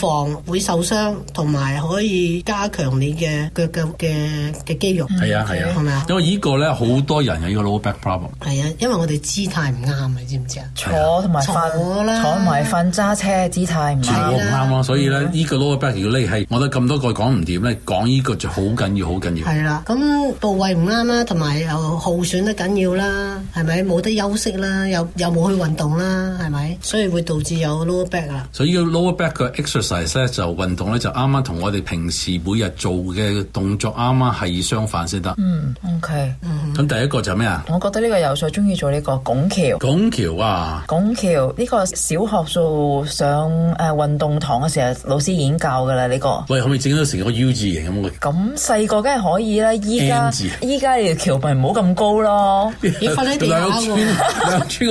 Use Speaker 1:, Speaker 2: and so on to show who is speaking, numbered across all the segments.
Speaker 1: 防會受傷，同埋可以加強你嘅腳腳嘅嘅肌肉。
Speaker 2: 係啊，係啊，係咪啊？
Speaker 3: 因為依個咧好多人有依個 lower back problem。係
Speaker 1: 啊，因為我哋姿態唔
Speaker 2: 啱，你知唔知啊？坐同埋瞓，坐埋瞓揸車姿態唔啱啦。
Speaker 3: 唔啱啦，所以咧依個 lower back 嘅咧係我覺得咁多個講唔掂咧，講依個就好緊要，好緊要。
Speaker 1: 係啦，咁部位唔啱啦，同埋又耗損得緊要啦，係咪？冇得休息啦，又又冇去運動啦，係咪？所以會導致有 lower back
Speaker 3: 啦。所以呢個 lower back 嘅 exercise。就運動咧就啱啱同我哋平時每日做嘅動作啱啱係相反先得。
Speaker 2: 嗯，OK。
Speaker 3: 咁第一個就咩啊？我
Speaker 2: 覺得呢個有趣中意做呢個拱橋。拱
Speaker 3: 橋啊！
Speaker 2: 拱橋呢個小學數上誒運動堂嘅時候，老師已經教㗎喇呢個。
Speaker 3: 喂，可唔可以整到成個 U 字形咁嘅？咁
Speaker 2: 細個梗係可以啦。依家依家條橋咪唔好咁高咯，要瞓喺地下。低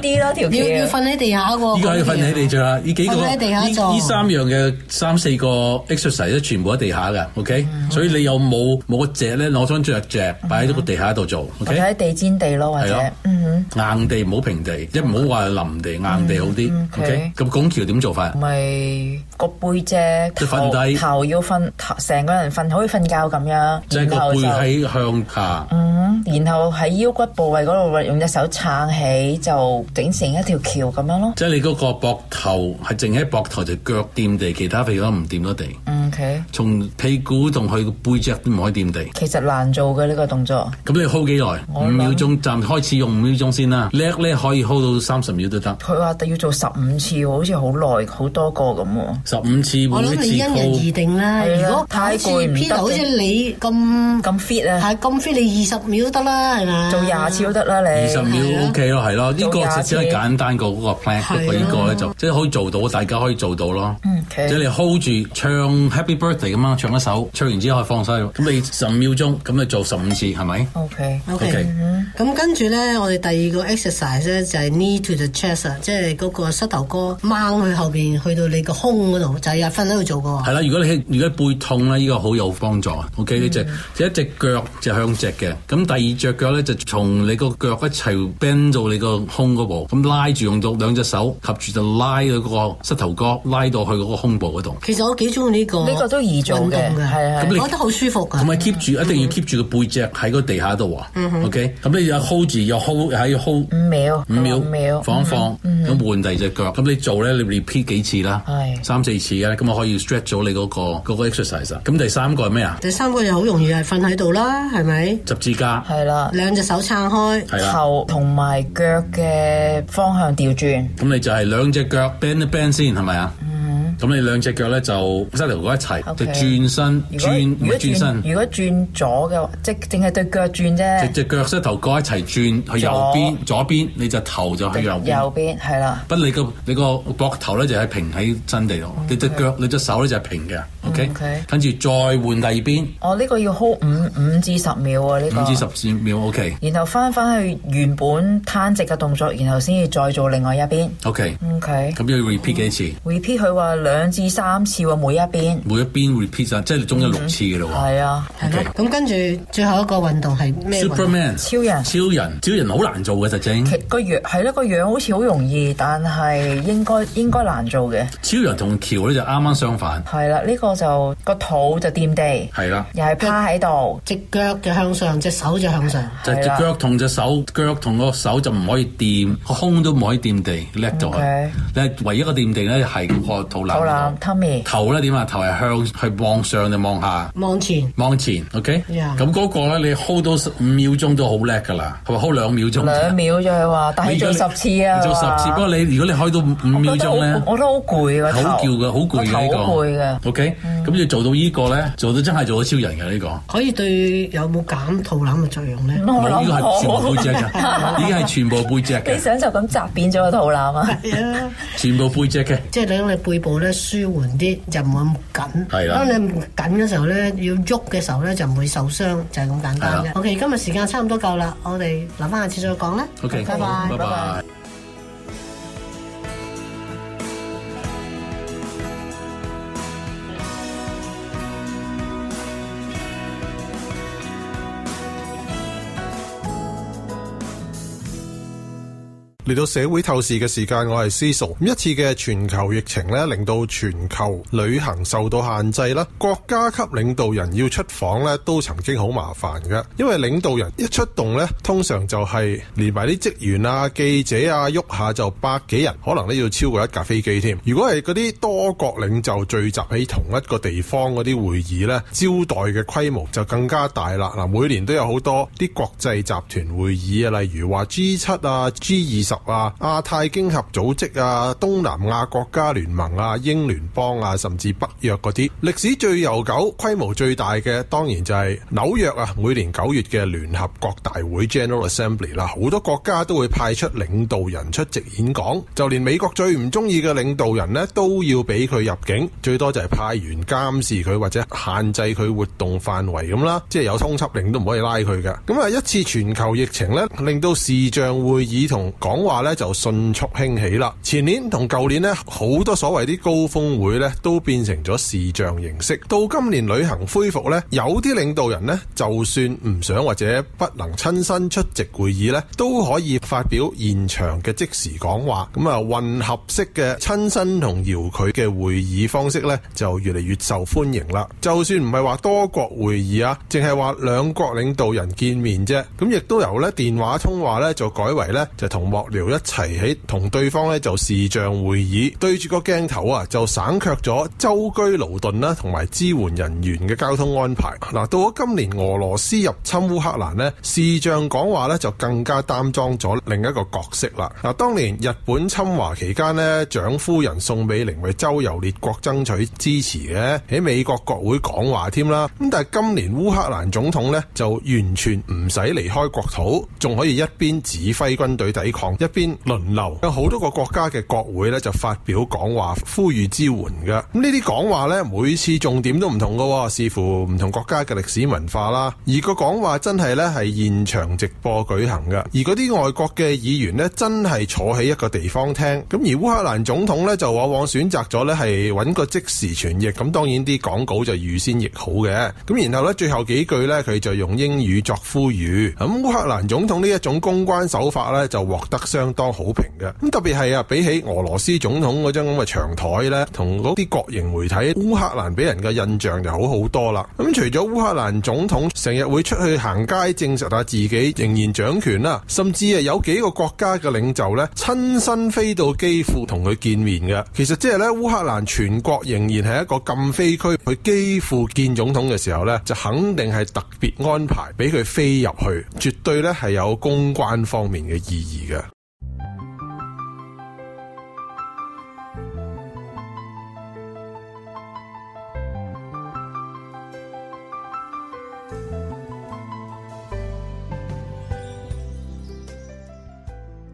Speaker 3: 啲咯
Speaker 1: 條橋，要瞓喺地
Speaker 3: 下個。依家要瞓喺地下，幾個依三樣嘅三四個 exercise 都全部喺地下嘅，OK 所以你有冇冇個只咧攞張着只擺喺呢個地下度做
Speaker 2: ，OK，喺地氈地咯，或者
Speaker 3: 的，嗯哼硬地唔好平地，一唔好話林地，硬地好啲，OK，咁拱橋點做法？係。
Speaker 2: 個背脊瞓低頭，底頭要瞓，成個人瞓可以瞓覺咁樣，即是 個背喺向下。嗯，然後喺腰骨部位嗰度用一手撐起，就整成一條橋咁樣咯。
Speaker 3: 即係你嗰個膊頭係淨喺膊頭，頭就腳掂地，其他地方唔掂得地。O K，從屁股同佢個背脊都唔可以掂地。其
Speaker 2: 實難做嘅呢個動作。
Speaker 3: 咁你 hold 幾耐？五我的 秒鐘，暫開始用五秒鐘先啦。叻咧可以 hold 到三十秒都得。佢話要做十五次，好似好耐，好多個咁。十五次我諗你因人而
Speaker 1: 定啦。如果太過唔得。好似你咁咁 fit 啊，係咁 fit，你二十秒都得啦，係咪？做廿次都
Speaker 3: 得啦，你。二十秒 OK 咯，係咯，呢個只係簡單個嗰個 plan。呢個咧就即係可以做到，大家可以做到咯。OK，即係你 hold 住唱 Happy Birthday 咁啊，唱一首，唱完之後可以放低。咁你十五秒鐘，咁你做十五次，係咪
Speaker 1: ？OK OK，咁跟住咧，我哋第二個 exercise 咧就係 Knee to the Chest 啊，即係嗰個膝頭哥掹去後邊，去到你個胸。就
Speaker 3: 係日分喺度做過。係啦，如果你如果背痛咧，呢個好有幫助。OK，呢隻就一隻腳就向直嘅，咁第二隻腳咧就從你個腳一齊到你個胸嗰部，咁拉住用到兩隻手合住就拉到嗰個膝頭哥，拉到去嗰個胸部嗰度。其實
Speaker 1: 我幾
Speaker 2: 中意呢個，
Speaker 3: 呢個都易做嘅，係你覺得好舒服㗎。同埋 keep 住，一定要 keep 住個背脊喺個地下度啊。OK，咁你又 hold 住，又 hold 喺 hold 五秒，五秒，五秒，放一放，咁換第二隻腳。咁你做咧，你 repeat 幾次啦？三四類似嘅，咁我可以 stretch 咗你嗰、嗰個、嗰個 exercise。咁第三個係咩啊？
Speaker 1: 第三個就好容易係瞓喺度啦，係咪？十字架係啦，兩隻的手撐開，的頭同埋腳
Speaker 2: 嘅方向調轉。
Speaker 3: 咁你就係兩隻腳 bend 咧 bend 先，係咪啊？咁你兩隻腳咧就膝頭哥一齊，就轉身轉，如果轉，如
Speaker 2: 果轉左嘅話，即係淨係對腳轉啫。隻
Speaker 3: 隻腳膝頭哥一齊轉去右邊、左邊，你隻頭就喺右邊。右邊係啦。不，你個你個膊頭咧就係平喺身地度，你隻腳、你隻手咧就係平嘅。O K。跟住再換第二邊。
Speaker 2: 我呢個要 hold 五五至十秒喎，呢個。五至
Speaker 3: 十秒，O K。
Speaker 2: 然後翻返去原本攤直嘅動作，然後先至再做另外一邊。O K。O K。
Speaker 3: 咁要 repeat 幾次
Speaker 2: ？repeat 佢話兩，兩至
Speaker 1: 三次喎，每一邊，
Speaker 3: 每一邊 repeat、嗯、啊，即係你中咗六次嘅咯喎。
Speaker 1: 係啊，OK。咁跟住最後一個運動係
Speaker 2: 咩？Superman
Speaker 3: 超人，超人，超人好難做嘅實證。個樣
Speaker 2: 係咯，個樣好似好容易，但係應該應該難做嘅。
Speaker 3: 超人同橋咧就啱啱相反。
Speaker 2: 係啦，呢、呢個就個肚就掂地，係啦的，又係趴喺度，隻
Speaker 1: 腳就向上，隻手就向上，
Speaker 2: 就的隻腳
Speaker 3: 同隻手，腳同個手就唔可以掂，個胸都唔可以掂地，叻咗。Okay 你係唯一,一個掂地咧，係個肚腩。 肚腩，頭咧點啊？頭係向係望上定望下？望
Speaker 1: 前。
Speaker 3: 望前，OK。咁嗰個咧，你 hold 到五秒鐘都好叻噶啦，係咪？hold 兩秒鐘。兩秒就係
Speaker 2: 話，但係做十次啊。做十次，不過
Speaker 3: 你如果你 hold 到五秒鐘咧，我都好攰啊。好叫噶，好攰噶呢個。OK，咁你做到呢個咧，做到真係做到超人嘅呢個。可以對有冇減肚腩嘅作用咧？冇，呢
Speaker 1: 個係全部背脊嘅，已經係全部背脊嘅。你想就咁紮扁咗個肚腩啊？
Speaker 3: 全部背脊嘅。即係你你背部咧。
Speaker 1: 舒緩啲就唔會咁緊，當的你唔緊嘅時候咧，要喐嘅時候咧就唔會受傷，就係、是、咁簡單嘅。的 OK，今日時間差唔多夠啦，我哋留翻下次再講啦。OK，好，拜拜。拜拜拜拜。
Speaker 4: 嚟到社會透視嘅時間，我係思。咁一次嘅全球疫情咧，令到全球旅行受到限制啦。國家級領導人要出訪咧，都曾經好麻煩嘅。因為領導人一出動咧，通常就係連埋啲職員啊、記者啊，喐下就百幾人，可能咧要超過一架飛機添。如果係嗰啲多國領袖聚集喺同一個地方嗰啲會議咧，招待嘅規模就更加大啦。嗱，每年都有好多啲國際集團會議啊，例如話 G 七啊、G 二。啊！亞太經合組織啊，東南亞國家聯盟啊，英聯邦啊，甚至北約嗰啲，歷史最悠久、規模最大嘅，當然就係紐約啊。每年九月嘅聯合國大會 （General Assembly） 啦、啊，好多國家都會派出領導人出席演講，就連美國最唔中意嘅領導人呢，都要俾佢入境，最多就係派員監視佢或者限制佢活動範圍咁啦。即係有通緝令都唔可以拉佢嘅。咁啊，一次全球疫情呢，令到視像會議同講話咧就迅速興起啦。前年同舊年呢，好多所謂啲高峰會咧都變成咗視像形式。到今年旅行恢複咧，有啲領導人呢就算唔想或者不能親身出席會議咧，都可以發表現場嘅即時講話。咁啊，混合式嘅親身同遙佢遙距嘅會議方式咧就越嚟越受歡迎啦。就算唔係話多國會議啊，淨係話兩國領導人見面啫，咁亦都由咧電話通話咧就改為咧就同幕。一齊喺同對方咧就視像會議，對住個鏡頭啊，就省卻咗舟車勞頓啦，同埋支援人員嘅交通安排。嗱，到咗今年俄羅斯入侵烏克蘭咧，視像講話咧就更加擔當咗另一個角色啦。嗱，當年日本侵華期間咧，蔣夫人宋美齡為周遊列國爭取支持嘅，喺美國國會講話添啦。咁但係今年烏克蘭總統咧就完全唔使離開國土，仲可以一邊指揮軍隊抵抗，一邊輪流有好多個國家嘅國會咧，就發表講話，呼籲支援嘅。咁呢啲講話咧，每次重點都唔同喎，視乎唔同國家嘅歷史文化啦。而個講話真係咧係現場直播舉行嘅，而嗰啲外國嘅議員咧真係坐喺一個地方聽。咁而烏克蘭總統咧就往往選擇咗咧係揾個即時傳譯。咁當然啲講稿就預先譯好嘅。咁然後咧最後幾句咧佢就用英語作呼籲。咁烏克蘭總統呢一種公關手法咧就獲得。相當好評嘅，咁特別係啊，比起俄羅斯總統嗰張咁嘅長台同嗰啲國營媒體，烏克蘭俾人嘅印象就好好多啦。咁除咗烏克蘭總統成日會出去行街證實下自己仍然掌權啦，甚至啊有幾個國家嘅領袖咧，親身飛到基輔同佢見面嘅。其實即係呢，烏克蘭全國仍然係一個禁飛區，佢基輔見總統嘅時候呢，就肯定係特別安排俾佢飛入去，絕對咧係有公關方面嘅意義嘅。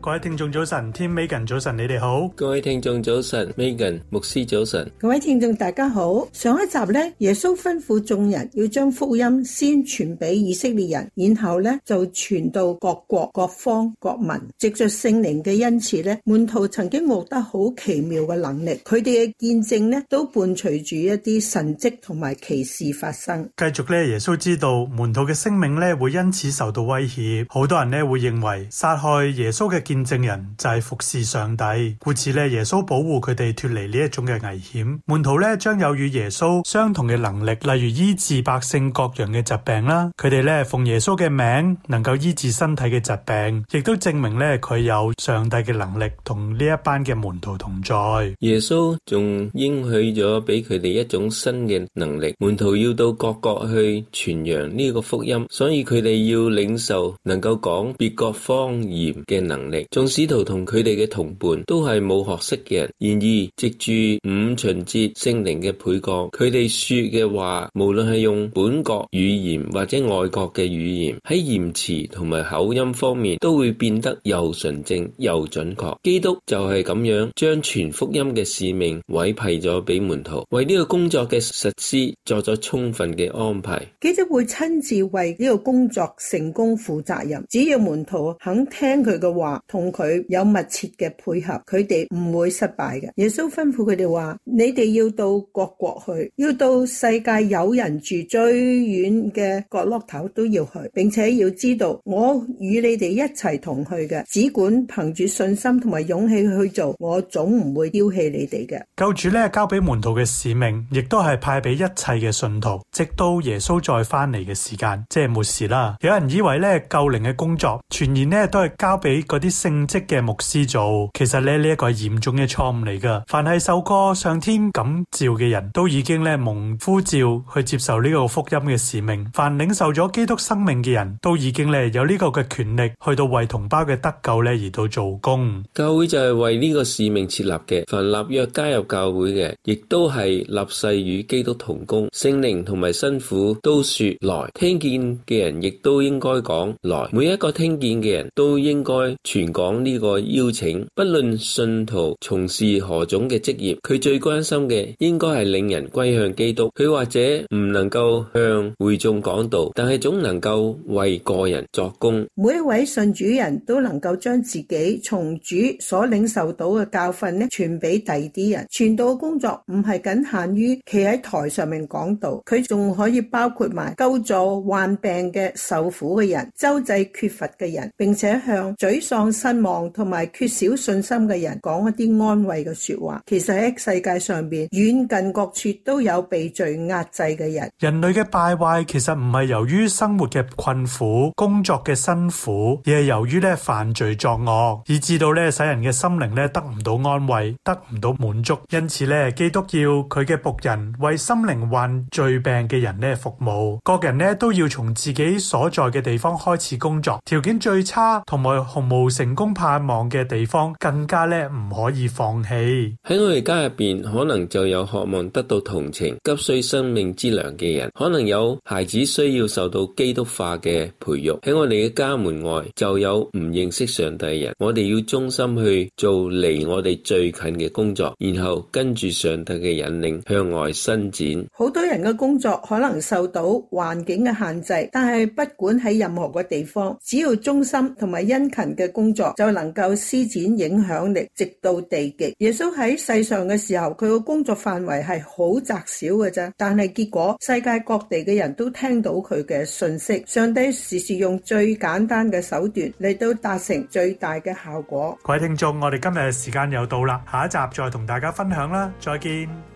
Speaker 5: 各位聽眾
Speaker 6: 早晨，Tim，Megan 早晨，你哋好。各位聽眾早晨，Megan 牧師早晨。
Speaker 7: 各位聽眾大家好。上一集咧，耶穌吩咐眾人要將福音先傳俾以色列人，然後咧就傳到各國、各方、國民。藉着聖靈嘅恩賜咧，門徒曾經獲得好奇妙嘅能力，佢哋嘅見證咧都伴隨住一啲神蹟同埋奇事發生。
Speaker 5: 繼續咧，耶穌知道門徒嘅生命咧會因此受到威脅，好多人咧會認為殺害耶穌嘅見。見證人就係服侍上帝，故此咧耶穌保護佢哋脱離呢一種嘅危險。門徒咧將有與耶穌相同嘅能力，例如醫治百姓各樣嘅疾病啦。佢哋咧奉耶穌嘅名能夠醫治身體嘅疾病，亦都證明咧佢有上帝嘅能力同呢一班嘅門徒同
Speaker 6: 在。耶穌仲應許咗俾佢哋一種新嘅能力，門徒要到各國去傳揚呢個福音，所以佢哋要領受能夠講別國方言嘅能力。眾使徒同佢哋嘅同伴都係冇學識嘅人，然而藉住五旬節聖靈嘅沛降，佢哋說嘅話，無論係用本國語言或者外國嘅語言，喺言辭同埋口音方面，都會變得又純正又準確。基督就係咁樣將全福音嘅使命委派咗俾門徒，為呢個工作嘅實施作咗充分嘅安排。
Speaker 7: 基督會親自為呢個工作成功負責任，只要門徒肯聽佢嘅話。同佢有密切嘅配合，佢哋唔會失敗嘅。耶穌吩咐佢哋話：你哋要到各國去，要到世界有人住最遠嘅角落頭都要去，並且要知道，我與你哋一齊同去嘅，只管憑住信心同埋勇氣去做，我總唔會丟棄你哋嘅。
Speaker 5: 救主咧交俾門徒嘅使命，亦都係派俾一切嘅信徒，直到耶穌再翻嚟嘅時間，即係末時啦。有人以為咧救靈嘅工作，全然咧都係交俾嗰啲。聖職嘅牧師做，其實咧呢一個係嚴重嘅錯誤嚟㗎。凡係受過上天感召嘅人都已經咧蒙呼召去接受呢個福音嘅使命。凡領受咗基督生命嘅人都已經咧有呢個嘅權力去到為同胞嘅得救咧而到做工。
Speaker 6: 教會就係為呢個使命設立嘅。凡立約加入教會嘅，亦都係立誓與基督同工。聖靈同埋新婦都說來，聽見嘅人亦都應該講來。每一個聽見嘅人都應該傳。講呢個邀請，不論信徒從事何種嘅職業，佢最關心嘅應該係令人歸向基督。佢或者唔能夠向會眾講道，但係總能夠為個人作工。
Speaker 7: 每一位信主人都能夠將自己從主所領受到嘅教訓呢，傳俾第啲人。傳道工作唔係僅限於企喺台上面講道，佢仲可以包括埋救助患病嘅受苦嘅人、周濟缺乏嘅人，並且向沮喪，失望同埋缺少信心嘅人講一啲安慰嘅說話，其實喺世界上邊遠近各處都有被罪壓制嘅人。
Speaker 5: 人類嘅敗壞其實唔係由於生活嘅困苦、工作嘅辛苦，而係由於咧犯罪作惡，以致到咧使人嘅心靈咧得唔到安慰、得唔到滿足。因此咧，基督要佢嘅僕人為心靈患罪病嘅人咧服務，各人咧都要從自己所在嘅地方開始工作，條件最差同埋毫無食。成功盼望嘅地方更加咧唔可以放棄。
Speaker 6: 喺我哋家入邊，可能就有渴望得到同情、急需生命之糧嘅人，可能有孩子需要受到基督化嘅培育。喺我哋嘅家門外，就有唔認識上帝人。我哋要忠心去做離我哋最近嘅工作，然後跟住上帝嘅引領向外伸展。
Speaker 7: 好多人嘅工作可能受到環境嘅限制，但係不管喺任何個地方，只要忠心同埋殷勤嘅工作，就能夠施展影響力，直到地極。耶穌喺世上嘅時候，佢嘅工作範圍係好窄小嘅啫。但係結果，世界各地嘅人都聽到佢嘅信息。上帝時時用最簡單嘅手段嚟到達成最大嘅效果。
Speaker 5: 各位聽眾，我哋今日嘅時間又到啦，下一集再同大家分享啦，再見。